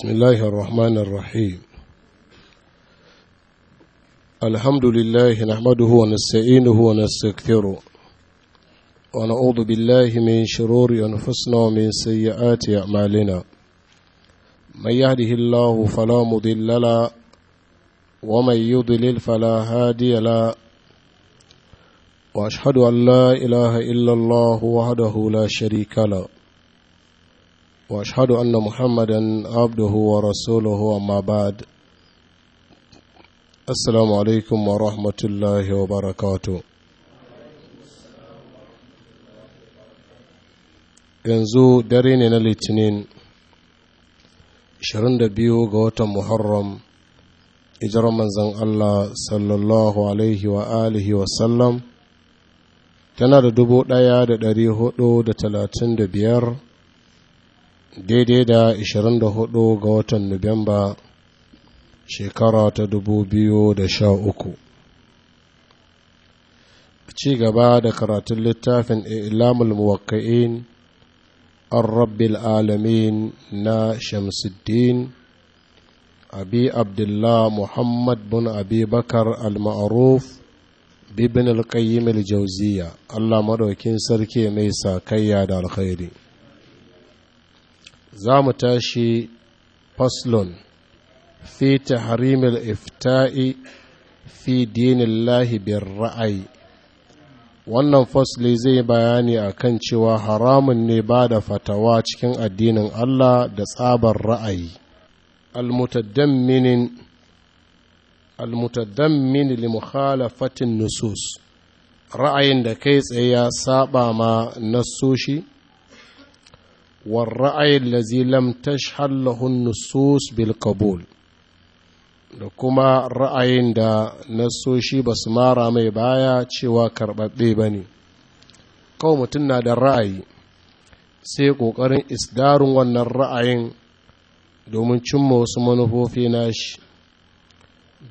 بسم الله الرحمن الرحيم الحمد لله نحمده ونستعينه ونستكثره ونعوذ بالله من شرور أنفسنا ومن سيئات أعمالنا من يهده الله فلا مضل له ومن يضلل فلا هادي له وأشهد أن لا إله إلا الله وحده لا شريك له واشهد ان محمدا عبده ورسوله اما بعد السلام عليكم ورحمه الله وبركاته yanzu dare ne na litinin 22 ga watan muharram ijirar manzan allah sallallahu alaihi wa alihi wasallam tana da 1435 daidai da 24 ga watan Nuwamba shekara ta 2013 ci gaba da karatun littafin ilamul muwakka'in an rabbil alamin na shamsuddin abi abdullah muhammad bin abi bakar al-ma'ruf bibin al-qayyim al-jawziya Allah madaukin sarki mai sakayya da alkhairi za mu tashi faslon fi tahrimil ifta'i fi dinin lahibin ra'ayi wannan fasli zai bayani a kan cewa haramun ne ba da fatawa cikin addinin Allah da tsabar ra'ayi almutaddan mini li fatin nusus ra'ayin da kai tsaye ya saba ma nasoshi. والرأي الذي لم تشهر له النصوص بالقبول da kuma ra'ayin da nasoshi ba su mara mai baya cewa karɓaɓɓe ba ne kawai mutum na da ra'ayi sai ƙoƙarin isdarun wannan ra'ayin domin cimma wasu manufofi nashi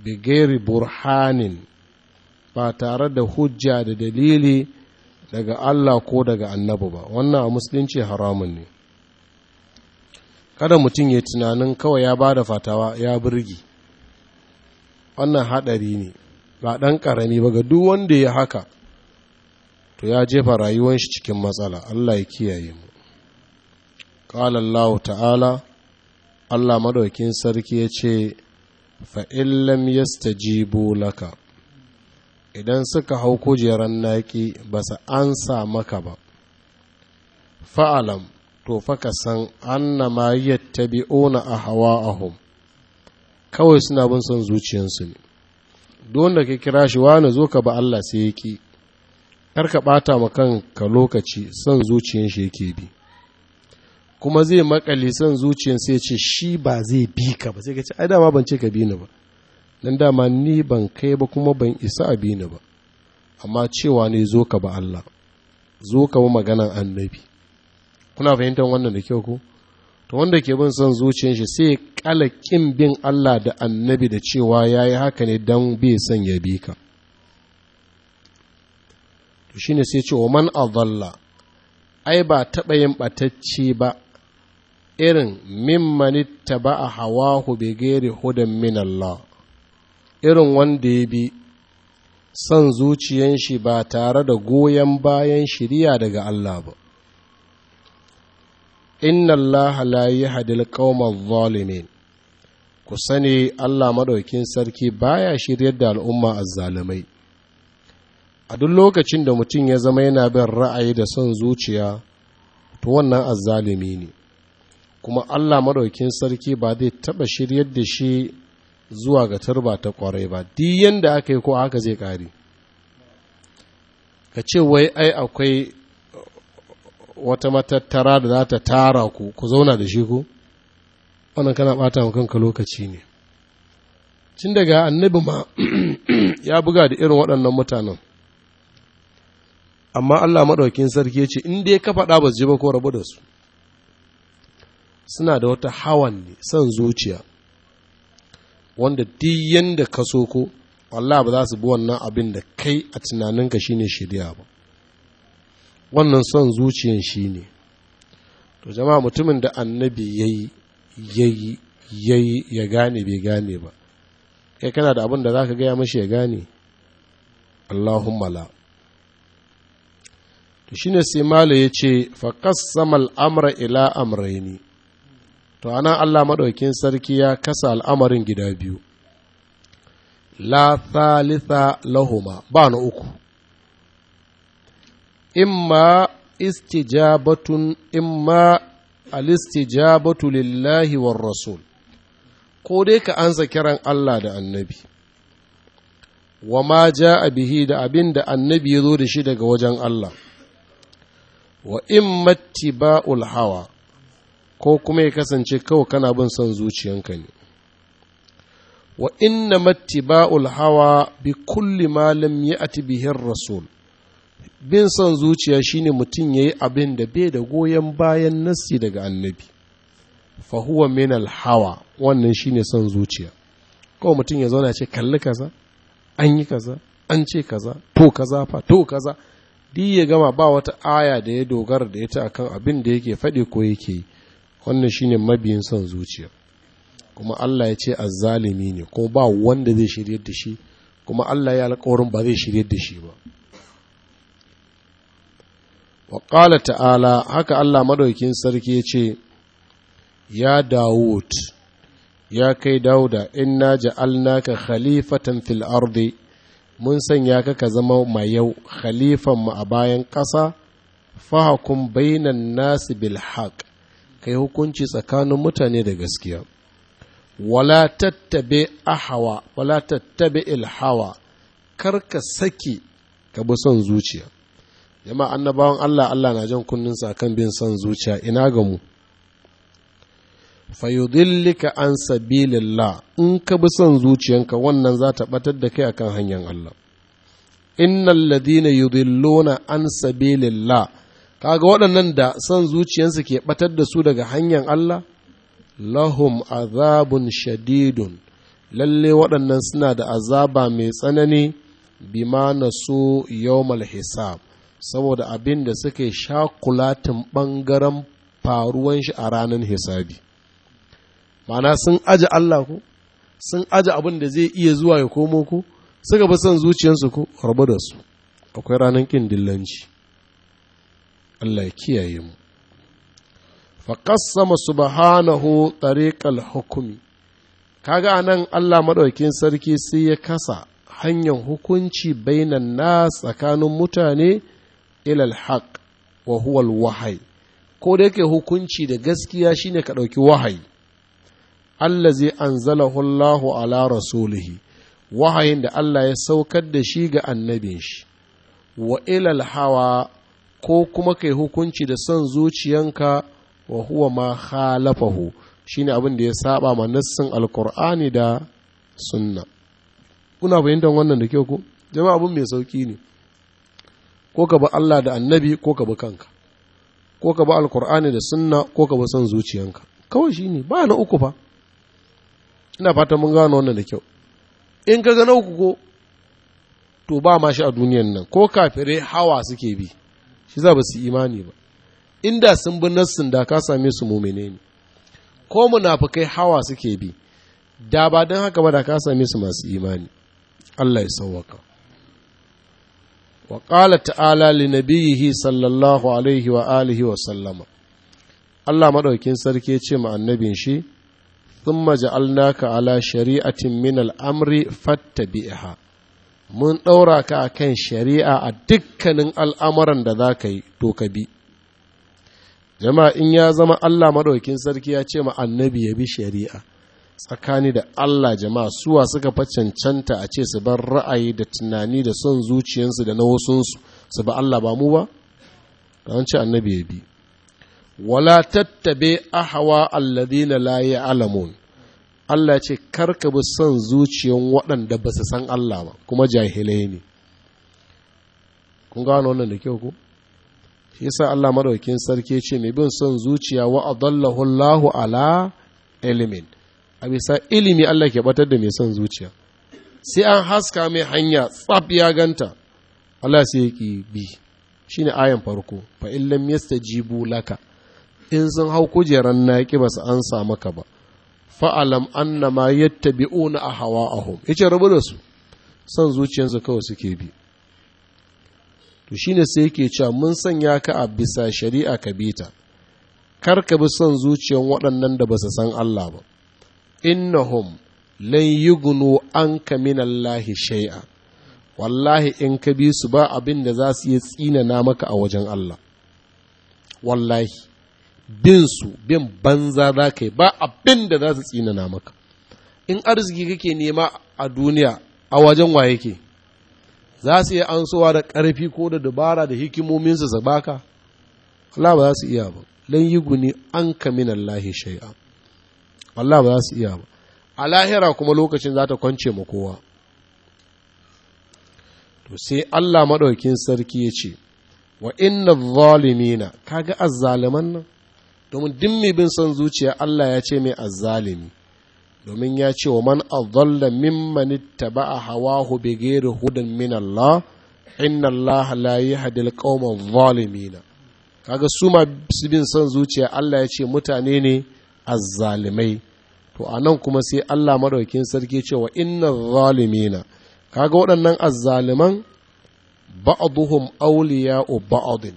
bigeri burhanin ba tare da hujja da dalili daga Allah ko daga annabi ba wannan a musulunci haramun ne kada mutum ya tunanin kawai ya ba da fatawa ya birgi wannan haɗari ne ba ɗan ƙarami ba ga duk wanda ya haka to ya jefa rayuwar shi cikin matsala Allah ya kiyaye mu qala Allah ta'ala Allah madaukin sarki ya ce fa in lam yastajibu laka idan suka hau kujeran naki ba su ansa maka ba fa'alam to fa ka san annama hawa ahwa'ahum kawai suna bin son zuciyarsu ne don da ka kira shi wani zo ka ba Allah sai ya ki kar ka bata ma kanka lokaci son zuciyar shi yake bi kuma zai makale son zuciyar sai ce shi ba zai bi ka ba sai ka ce ai dama ban ce ka bi ni ba dan dama ni ban kai ba kuma ban isa a bi ni ba amma cewa ne zo ka ba Allah zo ka ba maganan annabi kuna fahimtar wannan da kyau ku to wanda ke bin son zuciyar shi sai kala kin bin Allah da annabi da cewa yayi haka ne dan bai son ya bi ka to shine sai ce wa man adalla ai ba taba yin batacci ba irin mimmani ba a hawahu bai gairi hudan min Allah irin wanda ya bi son zuciyan shi ba tare da goyon bayan shirya daga Allah ba inna Allah la yahdil qaumal zalimin ku sani Allah maɗaukin sarki baya shiryar da al'umma azzalumai a duk lokacin da mutum ya zama yana bin ra'ayi da son zuciya to wannan azzalumi ne kuma Allah maɗaukin sarki ba zai taɓa shiryar da shi zuwa ga tarba ta ƙwarai ba duk yanda aka yi ko haka zai ƙari ka ce wai ai akwai wata matattara da za ta tara ku ku zauna da shi ku wannan kana bata wa kanka lokaci ne cin daga annabi ma ya buga da irin waɗannan mutanen amma Allah maɗaukin sarki ya ce in dai ka faɗa ba su ji ba ko rabu da su suna da wata hawan ne son zuciya wanda duk yanda ka so ko Allah ba za su bi wannan abin da kai a tunaninka shine shirya ba wannan son zuciyan shi ne to jama'a mutumin da annabi ya yi ya yi ya gane bai gane ba kai kana da abin da za ka gaya mashi ya gane allahumma la to shi ne sai mala ya ce faƙassama al'amura ila amraini to ana allah maɗaukin sarki ya kasa al'amarin gida biyu la thalitha lahuma ba na uku imma istijabatun imma alistijabatu lillahi war rasul ko dai ka ansa kiran Allah da annabi wa ma a bihi da abin annabi ya zo da shi daga wajen Allah wa imma tiba'ul hawa ko kuma ya kasance kawai kana bin son zuciyarka ne wa inna mattiba'ul hawa bi kulli ya lam ya'ti bihi rasul bin son zuciya shine mutum ya yi abin da bai da goyon bayan nassi daga annabi fahuwa min hawa wannan shine son zuciya kawai mutum ya zauna ce kalli kaza an yi kaza an ce kaza to kaza fa to kaza duk ya gama ba wata aya da ya dogara da ita akan abin da yake faɗi ko yake yi wannan shine mabiyin son zuciya kuma Allah ya ce azzalimi ne kuma ba wanda zai shirye da shi kuma Allah ya alƙawarin ba zai shirye da shi ba wa ƙala ta'ala haka Allah maɗaukin sarki ce ya Dawud ya kai Dawuda ja'al naka khalifatan fil ardi mun sanya ka ka zama mayau khalifan mu a bayan ƙasa fahakun bainan nasi bilhak haq kai hukunci tsakanin mutane da gaskiya wala tattabe ahawa wala tattabe ilhawa kar ka saki ka bi son zuciya jama annabawan Allah Allah na jan sa akan bin son zuciya ina ga mu fayudillika an sabilillah in ka bi son zuciyanka wannan za ta batar da kai akan hanyar Allah innal ladina yudilluna an sabilillah kaga waɗannan da son zuciyansu ke batar da su daga hanyar Allah lahum azabun shadidun lalle waɗannan suna da azaba mai tsanani bima nasu yawmal hisab saboda abin da suke shakulatin ɓangaren faruwan shi a ranar hisabi Ma'ana sun aji Allah ku sun aji abin da zai iya zuwa ya komo ku suka fi son zuciyarsu ku rabu da su akwai ranar ƙin dillanci Allah ya kiyaye mu faƙassama subhanahu tariqal hukumi kaga anan Allah maɗaukin sarki sai ya kasa hanyar hukunci bainan na tsakanin mutane ilal haq wa huwa wahai ko da yake hukunci da gaskiya shine ka ɗauki wahayi allazi anzalahu Allahu ala rasulihi wahayin da Allah ya saukar da shi ga annabin shi wa ilal hawa ko kuma kai hukunci da son zuciyanka wa huwa ma khalafahu shine abin da ya saba ma nassin alkur'ani da sunna kuna fahimtar wannan da kyau ko jama'a abin mai sauki ne ko ka bi Allah da annabi ko ka bi kanka ko ka bi alkur'ani da sunna ko ka bi son zuciyanka kawai shi ne ba na uku fa ina fata mun gano wannan da kyau in ka gano uku ko to ba ma shi a duniyan nan ko kafirai hawa suke bi shi za ba su imani ba inda sun bi nassin da ka same su mumene ne ko munafukai hawa suke bi da ba don haka ba da ka same su masu imani Allah ya sauwaka wa ƙala ta'ala li nabiyihi sallallahu alaihi wa wa sallama Allah maɗaukin sarki ce ma annabin shi thumma ja'alnaka ala shari'atin min al'amri fattabi'ha mun ɗaura ka akan shari'a a dukkanin al'amuran da za ka yi to ka bi jama'a in ya zama Allah maɗaukin sarki ya ce ma annabi ya bi shari'a tsakani da Allah jama'a suwa suka fa cancanta a ce su bar ra'ayi da tunani da son zuciyarsu da na wasunsu su ba Allah ba mu ba da ce annabi ya bi wala tattabe ahawa alladhina la alamun Allah ya ce karka bi son zuciyan waɗanda ba su san Allah ba kuma jahilai ne kun gano wannan da kyau ko shi yasa Allah maɗaukin sarki ce mai bin son zuciya wa adallahu Allahu ala ilimin. a bisa ilimi Allah ke batar da mai son zuciya sai an haska mai hanya tsaf ya ganta Allah sai yake bi bi shine ayan farko fa in yastajibu laka in sun hau kujeran naki ba su an samu maka ba fa'alam annama yattabi'una ahwa'ahum yace rabu da su son zuciyarsu kawai suke bi to shine sai yake cewa mun sanya ka a bisa shari'a ka bita kar ka bi son zuciyan waɗannan da ba su san Allah ba innahum lan yugunu anka min Allahi shay'a wallahi in ka bi su ba abin da za su yi tsinana maka a wajen Allah wallahi bin su bin banza za ka yi ba abin da za su tsinana maka in arziki kake nema a duniya a wajen wa ke? za su yi ansowa da ƙarfi ko da dabara da hikimomin su baka Allah ba za su iya ba lan yi guni an ka min Allahi shay'a Allah ba za su iya ba a lahira kuma lokacin za ta kwance ma kowa to sai Allah maɗaukin sarki ya ce wa inna zalimina kaga azzaliman nan domin duk mai bin son zuciya Allah ya ce mai azzalimi domin ya ce wa man adalla mimman ittaba'a hawahu bighairi hudan min Allah inna Allah la yahdi al-qawma adh-dhalimin kaga su ma bin son zuciya Allah ya ce mutane ne azzalimai to a nan kuma sai Allah maɗaukin sarki cewa inna zalimina kaga waɗannan azzaliman ba'aduhum u ba'adin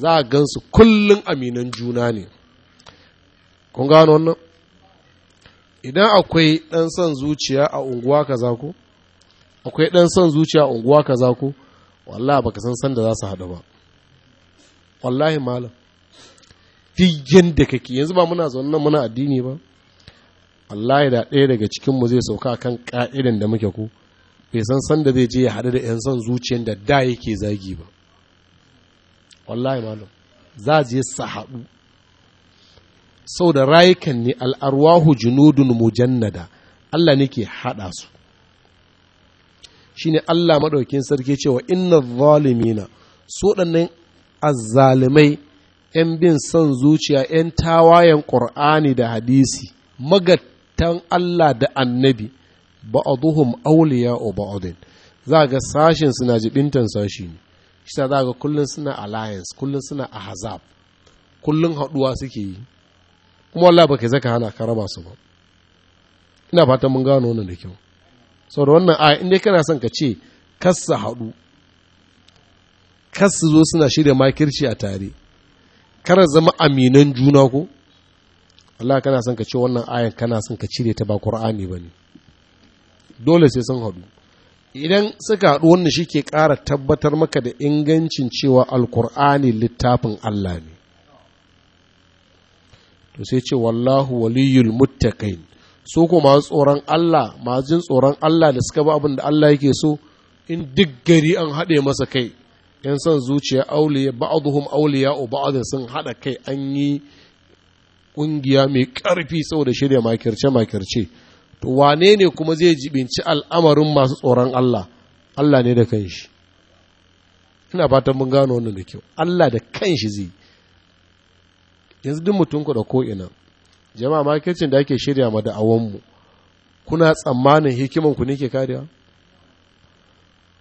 za a gansu kullun aminan juna ne kun gano wannan idan akwai ɗan son zuciya a unguwa kaza ko akwai ɗan son zuciya a unguwa kaza ko wallahi baka san san da za su haɗu ba wallahi malam duk yadda kake yanzu ba muna zaune muna addini ba Allah da ɗaya daga cikinmu zai sauka kan ƙa'idan da muke ku bai san san da zai je ya haɗu da 'yan son zuciyar da da yake zagi ba wallahi malam za je sa haɗu sau da rayukan ne al'arwahu junudun mujannada Allah ne ke haɗa su Shi ne Allah maɗaukin sarki cewa inna zalimina su ɗannan azzalimai ‘yan bin son zuciya ‘yan tawayen ƙur'ani da hadisi magat Tan Allah da annabi ba'aduhum awliya o ba'adin za ga sashen suna jibintan sashi ne shi za ga kullun suna alliance kullun suna a hazab kullun haduwa suke yi kuma ba ka zaka hana ka raba su ba ina fatan mun gano wannan da kyau saboda wannan a inda kana son ka ce kassa haɗu kasa su zo suna shirya makirci a tare kar zama aminan juna ko Allah kana son ka ce wannan ayan kana son ka cire ta ba Qur'ani bane dole sai sun haɗu idan suka haɗu wannan shi ke ƙara tabbatar maka da ingancin cewa alkur'ani littafin Allah ne to sai ce wallahu waliyul muttaqin su ko masu tsoron Allah masu jin tsoron Allah da suka ba abin da Allah yake so in duk gari an haɗe masa kai yan son zuciya auliya ba'dhum awliya sun haɗa kai an yi ƙungiya mai ƙarfi saboda shirya makirce-makirce to wane ne kuma zai jibinci al'amarin masu tsoron Allah Allah ne da kanshi ina fatan mun gano wannan da kyau Allah da kanshi zai yanzu duk mutum ku da ina jama'a makircin da ake shirya ma da mu kuna tsammanin hikimanku ne ke kariya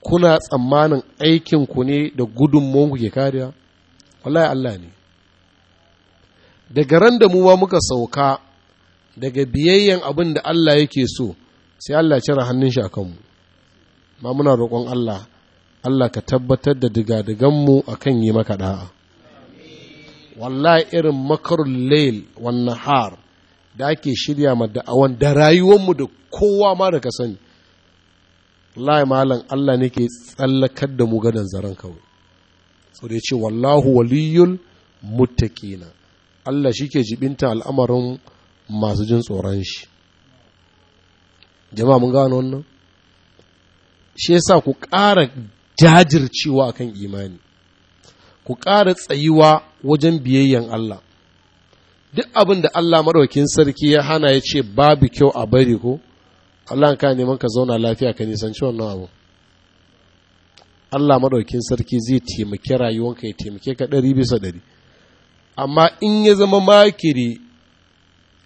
kuna tsammanin aikinku ne da ku ke kariya wallahi Allah ne daga ran da mu muka sauka daga biyayyen abin da Allah yake so sai Allah cire hannun shi a kanmu ma muna roƙon Allah Allah ka tabbatar da digadiganmu a kan yi maka da'a wallahi irin makarun lail wannan har da ake shirya ma da'awan da rayuwanmu da kowa ma da ka sani wallahi malam Allah ne ke tsallakar da mu gadon zaren kawai so da ya ce wallahu waliyul muttaqina Allah shi ke jibinta al'amarin masu jin tsoron shi jama'a mun gano wannan shi sa ku ƙara jajircewa akan imani ku ƙara tsayuwa wajen biyayyen Allah duk abin da Allah maɗaukin sarki ya hana ya ce babu kyau a bari ko Allah ka neman ka zauna lafiya ka nisanci wannan abu Allah maɗaukin sarki zai taimaki rayuwanka ya taimake ka ɗari bisa ɗari amma in ya zama makiri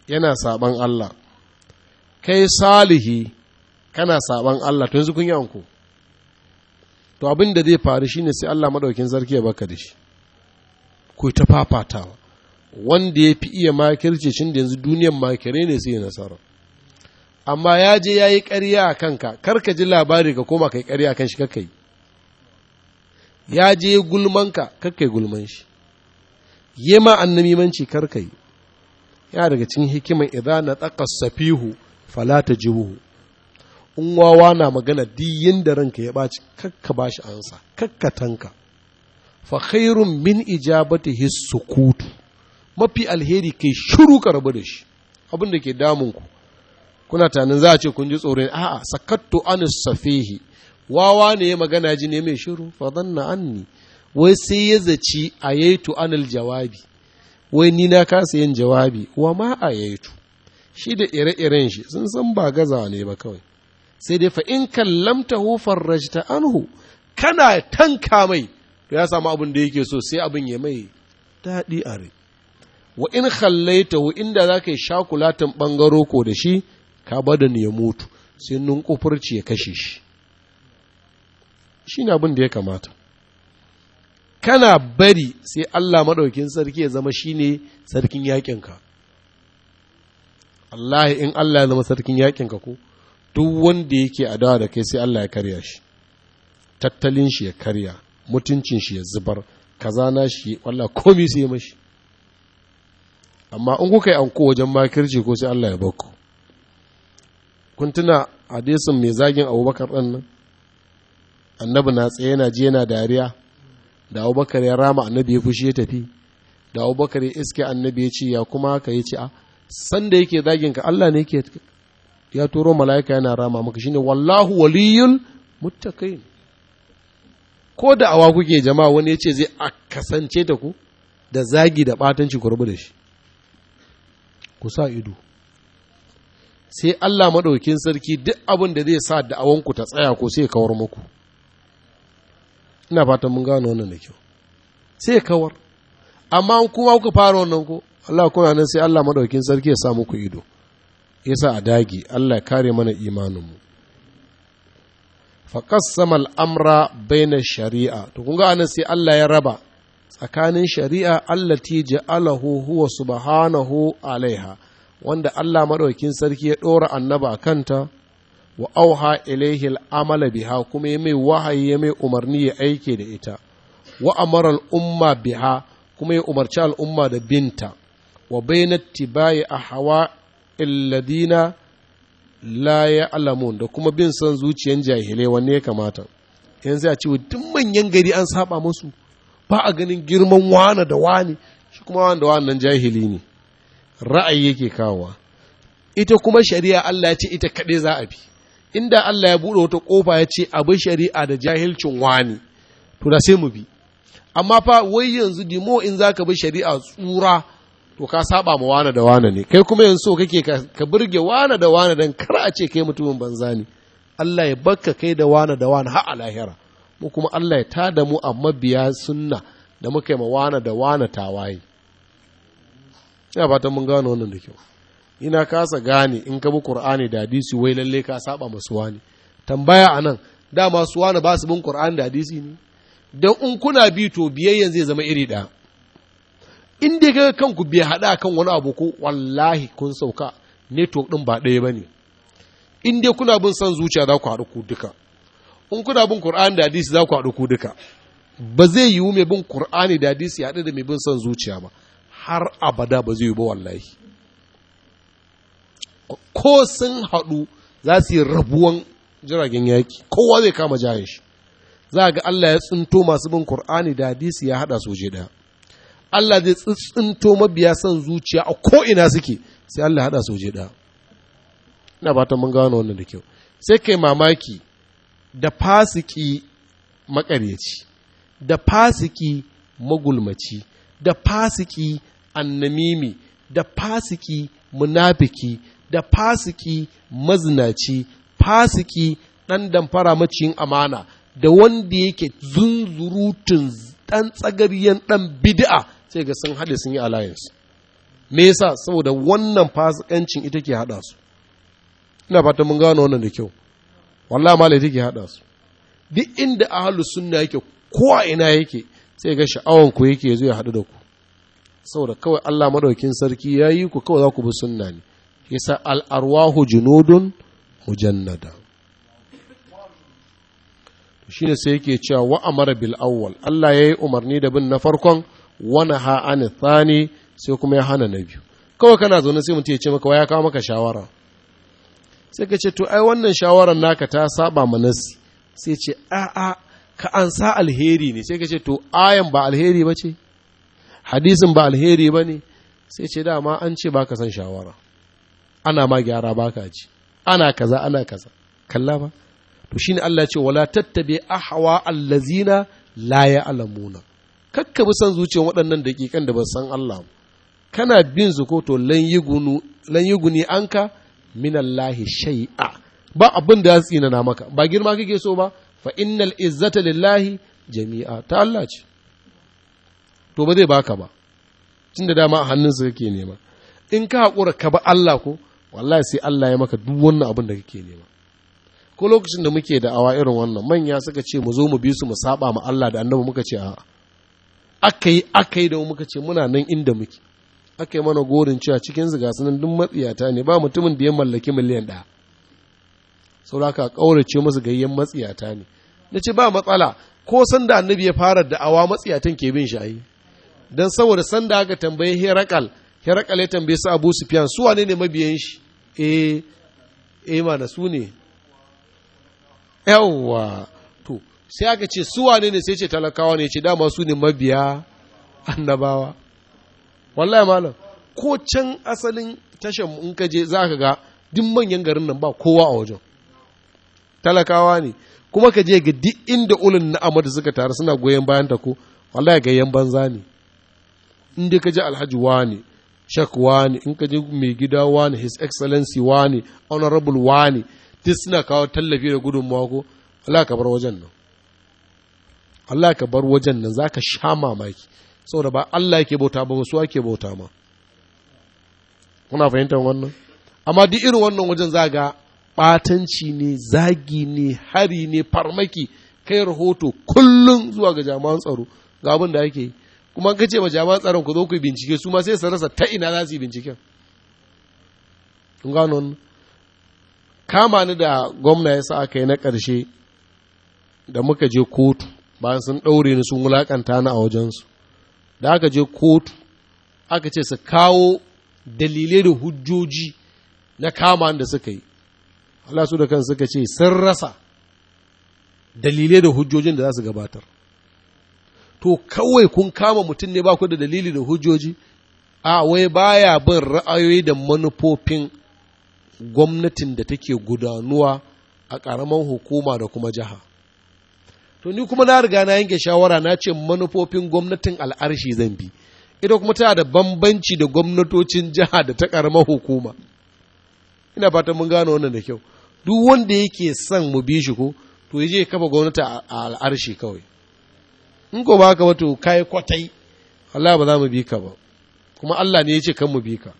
yana saban Allah kai salihi kana saban Allah to yanzu kun yanku to abin da zai faru shine sai Allah madaukin sarki ya baka da shi ku ta fafata wanda ya fi iya makirce cin da yanzu duniyan makire ne sai ya nasara amma ya je ya yi ƙarya a kanka kar ji labari ka koma kai yi ƙarya a kan shi kakai ya je gulmanka kakai gulman shi yi ma annamimanci karkai yana daga cikin hikiman idan na tsakas safihu falata jibuhu in wawa na magana diyin da ranka ya ɓaci kakka ba shi ansa kakka tanka fa khairun min ijabatihi sukutu mafi alheri kai shiru ka rabu da shi abin da ke damun ku kuna tanin za a ce kun ji tsoro a'a sakattu anis safihi wawa ne ya magana ji ne mai shiru fa dhanna anni wai sai ya zaci a yaitu anil jawabi wai ni na kasa yin jawabi wa ma a yaitu shi da ire-iren shi sun san ba gaza ne ba kawai sai dai fa in kallamta hu farrajta anhu kana tanka mai to ya samu abin da yake so sai abin ya mai daɗi a rai wa in hu inda za ka yi shakulatan ɓangaro ko da shi ka da ya mutu sai nun kufurci ya kashe shi shi ne abin da ya kamata kana bari sai Allah maɗaukin sarki ya zama shi ne sarkin yaƙinka Allah in Allah ya zama sarkin yaƙinka ko duk wanda yake a dawa da kai sai Allah ya karya shi tattalin shi ya karya mutuncin shi ya zubar kazana shi walla komi sai ya mashi amma in kuka yi anko wajen makirci ko sai Allah ya bakku kun tuna hadisin mai zagin abubakar ɗan nan annabi na tsaye yana ji yana dariya da abubakar ya rama annabi ya fushi ya tafi da abubakar ya iske annabi ya ce ya kuma haka ya ci a ah, sanda yake zagin ka Allah ne yake ya turo mala'ika yana rama maka shine wallahu waliyul muttaqin ko da awa kuke jama'a wani ya ce zai a kasance da ku da zagi da batanci ku da shi ku sa ido sai Allah maɗaukin sarki duk abin da zai sa da da'awanku ta tsaya ko sai kawar muku ina fatan mun gano wannan da kyau sai ya kawar amma an kuma kuka fara wannan ko Allah kuna nan sai Allah madaukin sarki ya sa muku ido ya sa a dage Allah ya kare mana imaninmu fa qassama al-amra baina shari'a to kun ga anan sai Allah ya raba tsakanin shari'a Allah allati ja'alahu huwa subhanahu alaiha wanda Allah madaukin sarki ya dora annaba kanta wa auha ilaihi al'amala biha kuma ya mai wahayi ya mai umarni ya aike da ita wa amara al'umma biha kuma ya umarci al'umma da binta wa bainat tibai a hawa illadina la ya alamun da kuma bin son zuciyan jahilai wanne ya kamata yanzu a ce duk manyan gari an saba musu ba a ganin girman wani da wani. shi kuma wani da nan jahili ne ra'ayi yake kawowa ita kuma shari'a Allah ya ce ita kaɗai za a bi inda Allah ya buɗe wata ƙofa ya ce bi shari'a da jahilcin wani to da sai mu bi amma fa wai yanzu dimo in za ka bi shari'a tsura to ka saba ma wane da wane ne kai kuma yanzu so kake ka burge wane da wane don kar a ce kai mutumin banza ne Allah ya bakka kai da wane da wane har a lahira mu kuma Allah ya ta da mu a mabiya sunna da muka yi ma wane da wane tawaye ina fatan mun gano wannan da kyau ina kasa gane in ka bi qur'ani da hadisi wai lalle ka saba masu wani tambaya anan dama su wani ba su bin qur'ani da hadisi ne dan in kuna bi to biyayyan zai zama iri ɗaya in dai ga kanku bai haɗa kan wani abu ko wallahi kun sauka network ɗin ba ɗaya bane in dai kuna bin son zuciya za ku haɗu ku duka in kuna bin qur'ani da hadisi za ku haɗu ku duka ba zai yiwu mai bin qur'ani da hadisi haɗu da mai bin son zuciya ba har abada ba zai yi ba wallahi ko sun haɗu za su yi rabuwan jiragen yaƙi, kowa zai kama jayin shi za a ga Allah ya tsinto masu bin ƙur'ani da hadisi ya haɗa su ɗaya Allah zai tsinto mabiya son zuciya a ko'ina suke sai Allah haɗa su ɗaya ina ba ta mun gano wannan da kyau sai kai mamaki da fasiki makaryaci da fasiki magulmaci da fasiki annamimi da fasiki munafiki da fasiki mazinaci fasiki ɗan damfara maciyin amana da wanda yake zunzurutun ɗan tsagariyan ɗan bid'a sai ga sun haɗe sun yi alliance me yasa saboda wannan fasikancin ita ke haɗa su ina fata mun gano wannan da kyau wallahi ita take haɗa su duk inda ahlu sunna yake ko a ina yake sai ga sha'awan ku yake zo ya haɗu da ku saboda kawai Allah madaukin sarki ya yi ku kawai za ku bi sunna ne yasa al'arwahu junudun mujannada shi ne sai yake cewa wa amara bil awwal Allah ya yi umarni da bin na farkon wani ha an thani sai kuma ya hana na biyu kawai kana zaune sai mutum ya ce maka ya kawo maka shawara sai ka ce to ai wannan shawarar naka ta saba manasi sai ce a'a ka an sa alheri ne sai ka ce to ayan ba alheri ba ce hadisin ba alheri ba ne sai ce dama an ce ba ka son shawara ana ma gyara baka ji ana kaza ana kaza kalla ba to shine Allah ya ce wala tattabi ahwa allazina la ya'lamuna kakka bi san zuciyar waɗannan daƙiƙan da ba san Allah kana bin su ko to lan yugunu lan yuguni anka minallahi shay'a ba abin da ya na maka ba girma kake so ba fa innal izzata lillahi jami'a ta Allah ce to ba zai baka ba tunda dama a hannunsa kake nema in ka haƙura ka ba Allah ko wallahi sai Allah ya maka duk wannan abin da kake nema ko lokacin da muke da awa irin wannan manya suka ce mu zo mu bi su mu saba ma Allah da annabi muka ce a aka yi aka yi da muka ce muna nan inda muke aka yi mana gorin cewa cikin su gasu nan duk matsiyata ne ba mutumin da ya mallaki miliyan ɗaya sauraka kaurace musu gayyen matsiyata ne na ce ba matsala ko sanda annabi ya fara da awa matsiyatan ke bin shayi dan saboda sanda aka tambaye herakal ya rakale tambaye su abu sufiyan su wane ne mabiyan shi eh eh mana su ne yawwa to sai aka ce su wane ne sai ce talakawa ne ce dama su ne mabiya annabawa wallahi malam ko can asalin tashan in ka je za ka ga duk manyan garin nan ba kowa a wajen talakawa ne kuma ka je ga duk inda ulun na amadu suka taru suna goyon bayan ta ko wallahi yan banza ne in dai ka je alhaji wa ne Shak wani in ka je mai gida wani his excellency wani honorable wani duk suna kawo tallafi da gudunmawa ko Allah ka bar wajen nan Allah ka bar wajen nan ka sha mamaki saboda ba Allah yake bauta ba su ake bauta ma kuna fahimtar wannan amma duk irin wannan wajen za ga. batanci ne zagi ne hari ne farmaki kai rahoto kullum zuwa ga jami'an tsaro ga abin da ake yi kuma ka ce ma jami'an tsaron ku zo ku bincike su ma sai su rasa ta ina za su yi binciken ganon kama ni da gwamna ya sa aka yi na ƙarshe da muka je kotu bayan sun ɗaure ni sun wulaƙanta ni a wajensu da aka je kotu aka ce su kawo dalilai da hujjoji na kama da suka yi Allah da kan suka ce sun rasa dalilai da hujjojin da za su gabatar to kawai kun kama mutum ne ba ku da dalili da hujjoji a wai baya bin ra'ayoyi da manufofin gwamnatin da take gudanuwa a ƙaramin hukuma da kuma jiha to ni kuma na riga na yanke shawara na ce manufofin gwamnatin al'arshi zan bi ita kuma tana da bambanci da gwamnatocin jiha da ta ƙaramar hukuma ina fata mun gano wannan da kyau duk wanda yake son mu bi shi ko to ya je kafa gwamnati a al'arshi kawai in ko ba ka ba to kai kwatai Allah ba za mu bi ka ba kuma Allah ne ya ce kan mu bi ka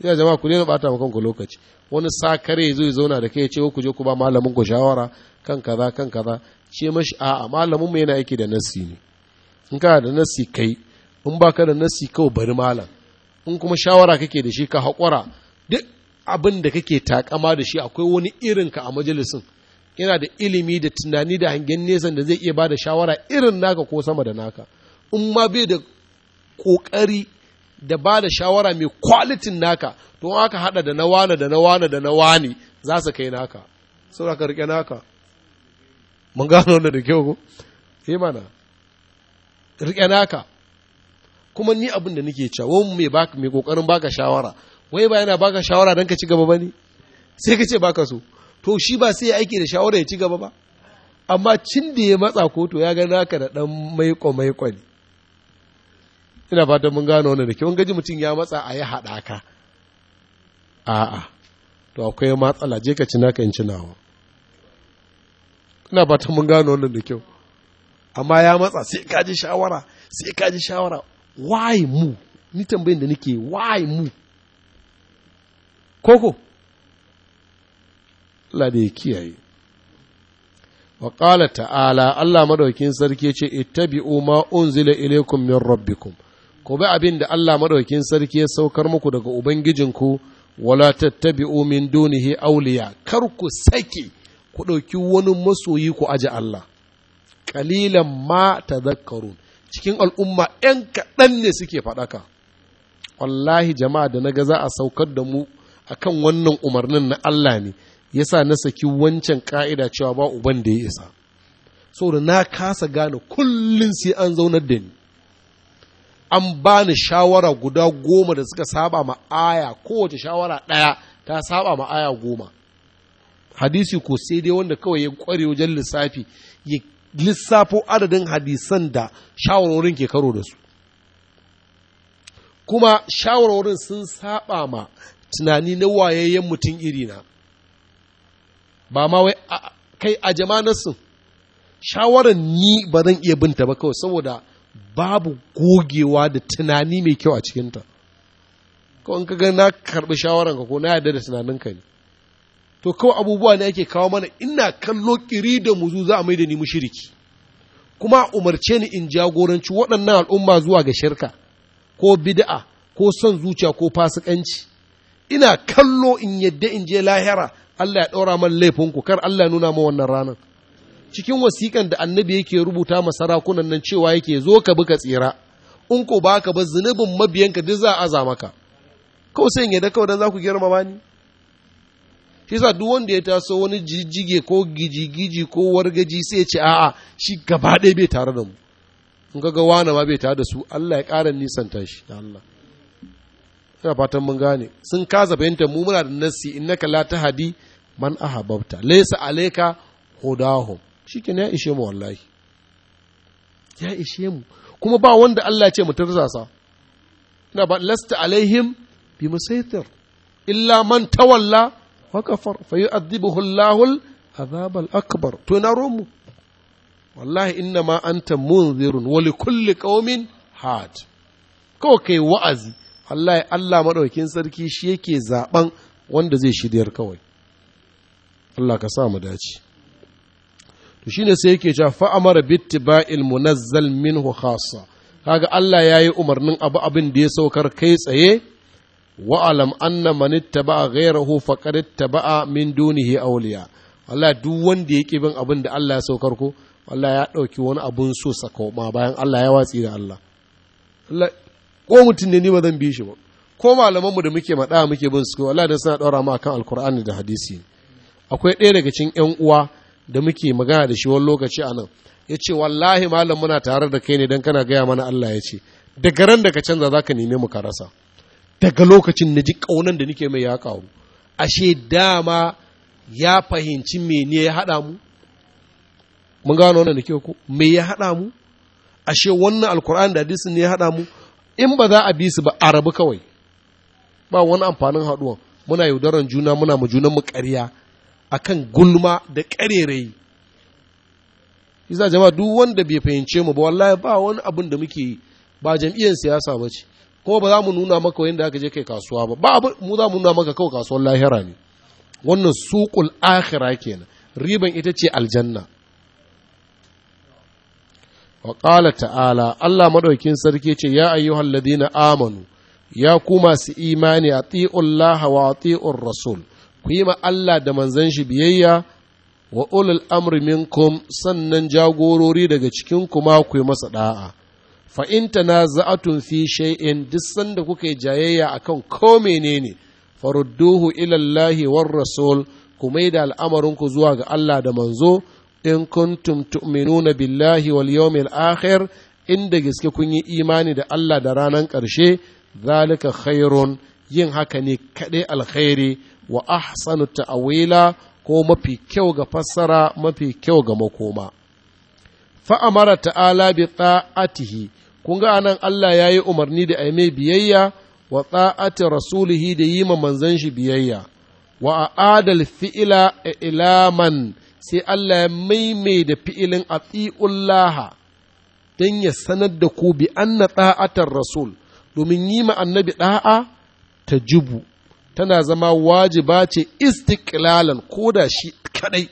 ya jama'a ku na bata ma kanku lokaci wani sakare ya zo ya zauna da kai ya ce ku je ku ba malamin ku shawara kan kaza kan kaza ce mashi a'a malamin mu yana aiki da nassi ne in ka da nassi kai in baka da nassi kawai bari malam in kuma shawara kake da shi ka haƙura duk abin da kake takama da shi akwai wani irin ka a majalisin yana da ilimi da tunani da hangen nesan da zai iya ba da shawara irin naka ko sama da naka in ma bai da ƙoƙari da ba da shawara mai kwalitin naka to aka haɗa da na wane da na wane da na wane za su kai naka sau ka riƙe naka mun gano wanda da kyau ko sai eh mana riƙe naka kuma ni abin da nake cewa wani mai baka mai kokarin baka shawara wai ba yana baka shawara don ka ci gaba ba ne? sai ka ce baka so to shi ba sai ya aiki da shawara ya ci gaba ba amma cin da ya matsa ko to ya gani haka da dan maiko maiko ne ina fatan mun gano wannan da kyau gaji mutum ya matsa a yi haɗaka a'a to akwai matsala je ka ci naka in ci nawa ina fatan mun gano wannan da kyau amma ya matsa sai ka ji shawara sai ka ji shawara why mu ni tambayin da nake why mu koko Allah da ya kiyaye wa ƙala ta'ala Allah maɗaukin sarki ce ittabi'u ma unzila ilaykum min rabbikum ku bi abin da Allah maɗaukin sarki ya saukar muku daga ubangijinku wala tattabi'u min dunihi auliya. kar ku saki ku ɗauki wani masoyi ku aji Allah kalilan ma ta zakaru cikin al'umma ‘yan kaɗan ne suke faɗaka. Wallahi jama'a da na ga za a saukar da mu a kan wannan umarnin na Allah ne, Ya sa na saki wancan ka'ida cewa ba uban da ya isa saboda na kasa gane kullum sai an zaunar da ni an bani shawara guda goma da suka saba ma aya kowace shawara ɗaya ta saba ma aya goma hadisi ko sai dai wanda kawai ya kware wajen lissafi ya lissafo adadin hadisan da shawarorin ke karo da su kuma shawarorin sun saba ma tunani na wayayyen mutum irina ba ma wai kai a jamanarsu shawarar ni ba zan iya binta ba kawai saboda babu gogewa da tunani mai kyau a cikinta ko in ka ga na karɓi shawararka ko na yarda da tunanin ka ne to kawai abubuwa ne ake kawo mana ina kallo kiri da muzu za a mai da ni mushiriki kuma umarce ni in jagoranci waɗannan al'umma zuwa ga shirka ko bid'a ko son zuciya ko fasikanci ina kallo in yadda in je lahira Allah ya ɗora man laifinku kar Allah ya nuna ma wannan ranar cikin wasiƙan da annabi yake rubuta ma sarakunan nan cewa yake zo ka bi ka tsira in ko ba ka ba zunubin mabiyanka duk za a aza maka kawai sai yadda kawai dan za ku girmama ni shi sa duk wanda ya taso wani jijjige ko gijigiji ko wargaji sai ce a'a shi gaba ɗaya bai tare da mu in ga wani ma bai tare da su Allah ya ƙara nisanta shi da fatan mun gane sun kasa fahimtar mu muna da nassi innaka la tahdi man ahabbta laysa alayka hudahum shikenan ya ishe mu wallahi ya ishe mu kuma ba wanda Allah ya ce mu tirsasa ina ba lasta alaihim bi musaytir illa man tawalla wa kafar fa yu'adhibuhu Allahu al-'adhab al-akbar to na romu wallahi inna ma anta munzirun wa likulli qaumin had kawai kai wa'azi wallahi Allah madaukin sarki shi yake zaben wanda zai shiryar kawai Allah ka sa mu dace to shine sai yake cewa fa amara bittiba'il munazzal minhu khassa kaga Allah ya yi umarnin abu abin da ya saukar kai tsaye wa alam anna man ittaba'a ghayrahu faqad ittaba'a min dunihi awliya Allah duk wanda ya bin abin da Allah ya saukar ko Allah ya ɗauki wani abun so sakoma bayan Allah ya watsi da Allah Allah ko mutum ne ni ba zan bi shi ba ko malamanmu da muke maɗa muke bin su ko Allah dan suna ɗaura mu akan alkur'ani da hadisi akwai ɗaya daga cikin yan uwa da muke magana da shi wani lokaci a nan ya ce wallahi malam muna tare da kai ne don kana gaya mana Allah ya ce daga ran daga canza za ka neme mu ka rasa daga lokacin na ji ƙaunan da nike mai ya ƙaru ashe dama ya fahimci mene ya haɗa mu mun gano wannan da ke ko me ya haɗa mu ashe wannan alkur'ani da hadisin ne ya haɗa mu in ba za a bi su ba a rabu kawai ba wani amfanin haɗuwa muna yaudarar juna muna mu junan mu ƙarya a kan gulma da ƙarerayi isa jama'a duk wanda bai fahimce mu ba wallahi ba wani abin da muke yi ba jam'iyyar siyasa ba ce ko ba za mu nuna maka yadda aka je kai kasuwa ba ba abu mu za mu nuna maka kawai kasuwar lahira ne wannan suqul akhira kenan riban ita ce aljanna wa qala ta'ala Allah madaukin sarki ce ya ayyuhal amanu ya kuma su imani ati'ullaha wa ati'ur rasul ku yi ma Allah da manzan shi biyayya wa ulul amri minkum sannan jagorori daga cikin kuma ku yi masa da'a fa in tanaza'atun fi shay'in duk sanda kuka yi jayayya akan ko menene farudduhu ila Allah war rasul ku da al'amarin ku zuwa ga Allah da manzo in kuntum tu'minuna billahi wal yawmil akhir inda gaske kun yi imani da Allah da ranar ƙarshe zalika khairun yin haka ne kaɗai alkhairi wa ahsanu ta'wila ko mafi kyau ga fassara mafi kyau ga makoma amara ta'ala bi ta'atihi kun ga anan Allah ya yi umarni da mai biyayya wa ta'ati rasulihi da yi ma manzan shi biyayya wa adal fi'ila ila man sai Allah ya maimai da fi'ilin a dan ya sanar da ku bi anna ta'atar rasul domin yi ma annabi ɗa'a ta jubu tana zama wajiba ce istiklalan ko da shi kadai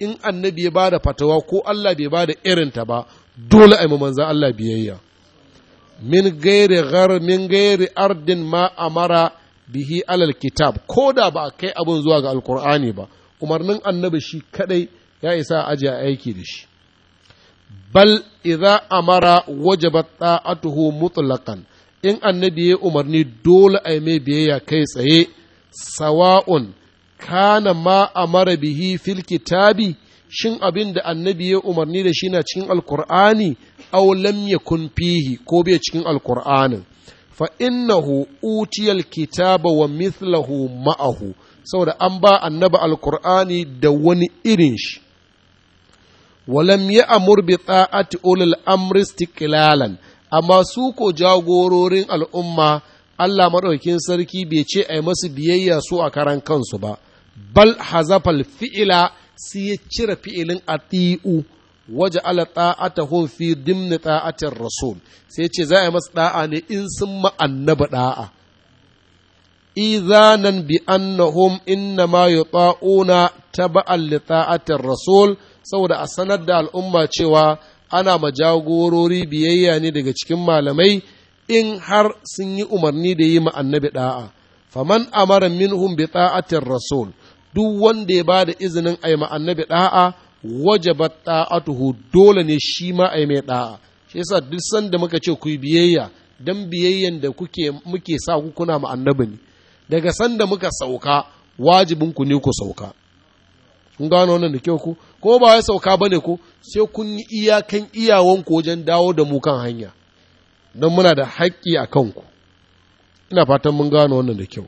in annabi ya bada fatawa ko Allah bai bada irinta ba dole a manzan Allah biyayya min gairi gar, min gairi ardin ma amara bihi alal kitab ko da ba a kai abun zuwa ga alkur'ani ba umarnin annabi shi kadai ya isa aje aiki da shi bal idza amara wajabat ta'atuhu mutlaqan in annabi ya umarni dole a mai biyayya kai tsaye sawa'un kana ma amara bihi fil kitabi shin abin da annabi ya umarni da shi na cikin alkur'ani aw lam yakun fihi ko bai cikin alkur'anin fa innahu utiyal kitaba wa mithlahu ma'ahu saboda an ba annabi alkur'ani da wani irin shi Wa ya amur bi ta'ati ulul amri istiqlalan amma su ko jagororin al'umma Allah maɗaukin sarki bai ce a yi masu biyayya su a karan kansu ba, bal hazafal fi'ila su ya cire fi'ilin ati'u waje ala ta'atahum fi dimni ta'atin rasul sai ce za a yi masu ɗa'a ne in sun ma'annaba ɗa'a. izanan bi annahum inna ma ta ba'al li ta'atin rasul saboda a sanar da al'umma cewa ana ma jagorori biyayya ne daga cikin malamai in har sun yi umarni da yi ma annabi da'a faman amara minhum bi ta'atir rasul duk wanda ya ba da izinin ai ɗa'a annabi da'a wajabat ta'atuhu dole ne shi ma yi mai da'a shi yasa duk sanda muka ce ku biyayya dan biyayyan da kuke muke sa ku kuna annabi ne daga sanda muka sauka wajibin ku ne ku sauka kun gano wannan da kyau ku ko ba wai sauka bane ku sai kun yi iyakan iyawanku wajen dawo da mu kan hanya don muna da haƙƙi a kanku ina fatan mun gano wannan da kyau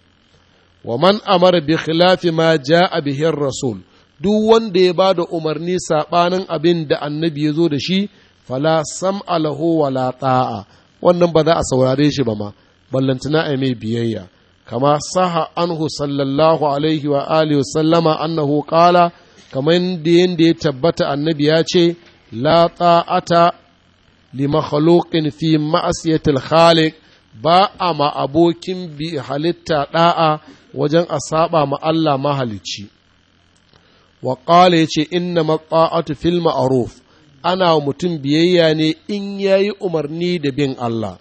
wa man amara bi khilafi ma ja'a bihi rasul duk wanda ya bada umarni sabanin abin da annabi ya zo da shi fala sam'a lahu wala ta'a wannan ba za a saurare shi ba ma ballantana a mai biyayya kama saha anhu sallallahu alaihi wa alihi sallama annahu qala kamar yadda ya tabbata annabi ya ce la ta'ata li makhluqin fi ma'asiyatil khaliq ba a ma abokin bi halitta ɗa'a wajen a saba ma Allah mahalicci wa qala yace inna mata'atu fil ma'ruf ana mutum biyayya ne in yayi umarni da bin Allah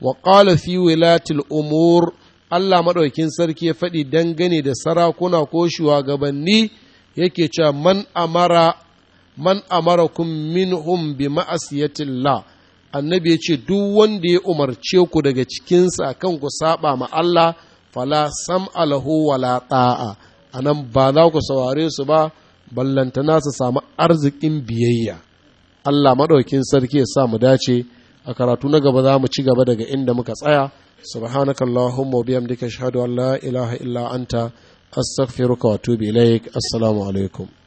wa qala fi wilatil umur Allah maɗaukin sarki ya faɗi dangane da sarakuna ko shugabanni yake cewa man amara man amarakum minhum bi ma'asiyatillah annabi ya ce duk wanda ya umarce ku daga cikinsa kan ku saba ma Allah fala sam'alahu wala ta'a anan ba za ku saurare su ba ballantana su samu arzikin biyayya Allah madaukin sarki ya sa mu dace a karatu na gaba za mu ci gaba daga inda muka tsaya subhanakallahumma wa bihamdika ashhadu an la ilaha illa anta astaghfiruka wa atubu ilaik assalamu alaikum